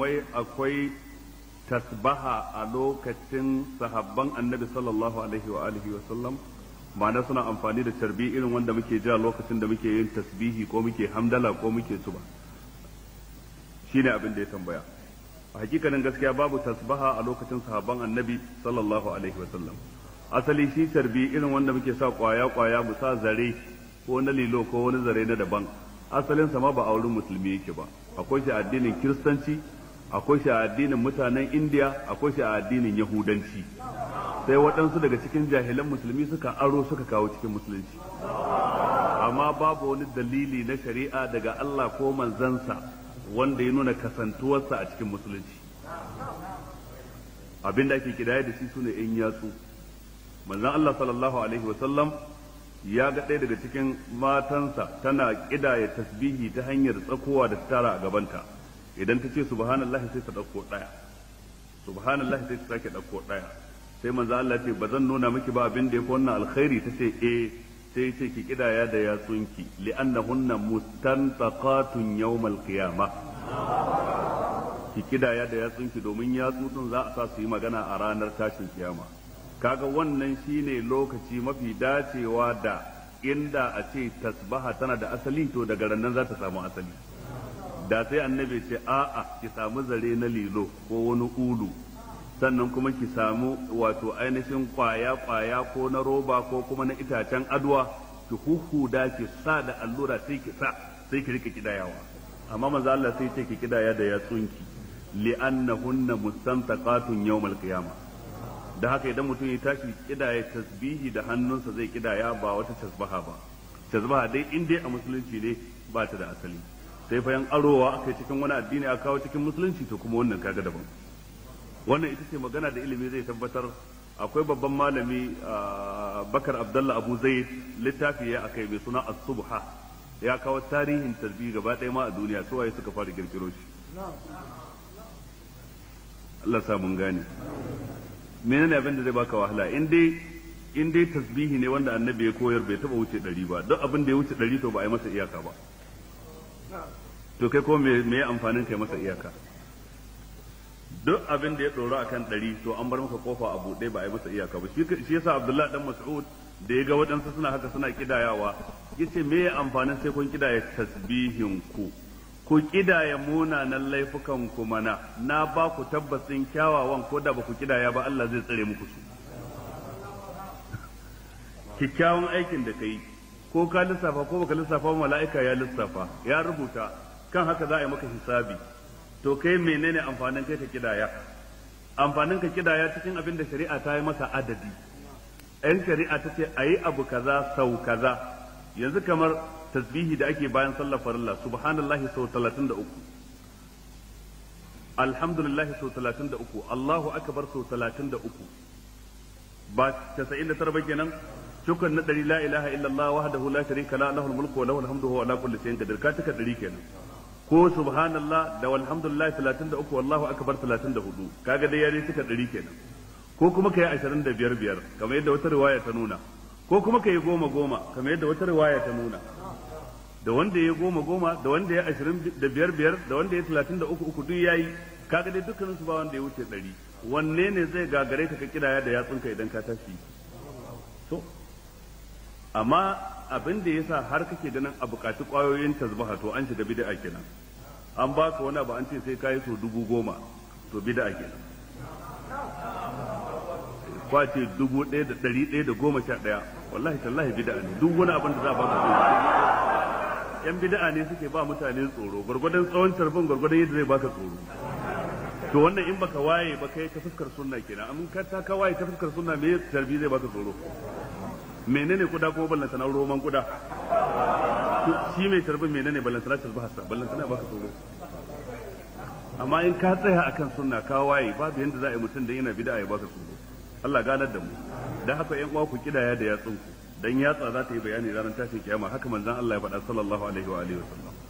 wai akwai tasbaha a lokacin sahabban annabi sallallahu alaihi wa alihi wa sallam ma'ana suna amfani da tarbi irin wanda muke jira lokacin da muke yin tasbihi ko muke hamdala ko muke suba shine abin da ya tambaya a hakikanin gaskiya babu tasbaha a lokacin sahabban annabi sallallahu alaihi wa sallam asali shi tarbi irin wanda muke sa kwaya kwaya mu sa zare ko na lilo ko wani zare na daban asalin sa ma ba a wurin musulmi yake ba akwai shi addinin kiristanci akwai shi a addinin mutanen indiya akwai shi a addinin yahudanci sai waɗansu daga cikin jahilan musulmi suka aro suka kawo cikin musulunci amma babu wani dalili na shari'a daga allah ko manzansa wanda ya nuna kasantuwarsa a cikin musulunci abin da ake kidaya da shi su ne yan yatsu manzan allah sallallahu alaihi wasallam ya ga ɗaya daga cikin matansa tana ƙidaya tasbihi ta hanyar tsakowa da tara a gabanta idan ta ce subhanallahi sai ta dauko daya subhanallahi sai ta sake dauko daya sai manzo Allah ce ba zan nuna miki ba abin da yake wannan alkhairi ta ce eh sai ya ce ki kidaya da yatsunki li'annahunna mustantaqatun yawmal qiyamah ki kidaya da yatsunki domin yatsu sun za a sa su yi magana a ranar tashin kiyama kaga wannan shine lokaci mafi dacewa da inda a ce tasbaha tana da asali to daga nan za ta samu asali da sai annabi ce a'a ki samu zare na lilo ko wani ulu sannan kuma ki samu wato ainihin kwaya kwaya ko na roba ko kuma na itacen adwa ki huhuda ki sa da allura sai ki sa sai ki rika kidayawa amma manzo Allah sai ce ki kidaya da yatsunki li'annahunna mustantaqatun yawmal qiyamah da haka idan mutum ya tashi kidaya tasbihi da hannunsa zai kidaya ba wata tasbaha ba tasbaha dai in dai a musulunci ne ba ta da asali sai fayan arowa aka yi cikin wani addini a kawo cikin musulunci to kuma wannan kaga daban wannan ita ce magana da ilimi zai tabbatar akwai babban malami bakar abdallah abu zaid littafi ya akai mai suna as-subha ya kawo tarihin tarbi gaba ɗaya ma a duniya su waye suka fara girgiro shi Allah sa mun gane menene abin da zai baka wahala in dai tasbihi ne wanda annabi ya koyar bai taba wuce ɗari ba duk abin da ya wuce ɗari to ba a yi masa iyaka ba to kai ko me ya amfanin kai masa iyaka duk abin da ya tsoro kan ɗari to an bar maka kofa a buɗe ba a yi masa iyaka ba shi yasa Abdullah dan Mas'ud da ya ga waɗansu suna haka suna kidayawa yace me ya amfanin sai kun kidaya tasbihin ku ku kidaya munanan laifukan ku mana na ba ku tabbacin kyawawan ko da ba ku kidaya ba Allah zai tsare muku su kikkiawan aikin da kai ko ka lissafa ko baka lissafa mala'ika ya lissafa ya rubuta kan haka za a yi maka hisabi to kai menene amfanin kai ka kidaya amfanin ka kidaya cikin abin da shari'a ta yi masa adadi yan shari'a ta ce a yi abu kaza sau kaza yanzu kamar tasbihi da ake bayan sallar farilla subhanallahi sau talatin da uku alhamdulillahi sau talatin da uku allahu akbar sau talatin da uku ba tasa'in da tarba kenan dukkan na ɗari la ilaha illallah wahdahu la sharika la lahul mulku wa lahul hamdu wa ala kulli shay'in qadir ka cika ɗari kenan ko subhanallah da walhamdulillah 33 wallahu akbar 34 kaga dai yare suka ɗari kenan ko kuma kai 25 biyar kamar yadda wata riwaya ta nuna ko kuma kai goma goma kamar yadda wata riwaya ta nuna da wanda ya goma goma da wanda ya ashirin da biyar biyar da wanda ya talatin da uku uku duk ya yi kaga dai dukkanin su ba wanda ya wuce dari wanne ne zai gagare ka ka kidaya da yatsunka idan ka tashi amma abin da yasa har kake ganin a bukaci kwayoyin tasbaha to an shiga bid'a kenan an ba ka wani ba an ce sai kai so dubu goma to bid'a kenan kwace dubu ɗaya da ɗari ɗaya da goma sha ɗaya wallahi tallahi bid'a ne duk wani abin da za a ba ka yan bid'a ne suke ba mutane tsoro gwargwadon tsawon tarbin gwargwadon yadda zai baka tsoro to wannan in baka waye ba kai ta fuskar sunna kenan amma ka ta ka waye ta fuskar sunna me tarbi zai baka tsoro menene kuda ko ballanta na roman kuda shi mai tarbi menene ballanta na tarbi hasa ballanta na baka tsoro amma in ka tsaya akan sunna ka waye babu yanda za a yi mutum da yana bid'a ya baka tsoro Allah ganar da mu dan haka yan uwa ku kidaya da yatsun ku dan yatsa za ta yi bayani ranar tashin kiyama haka manzon Allah ya faɗa sallallahu alaihi wa alihi wasallam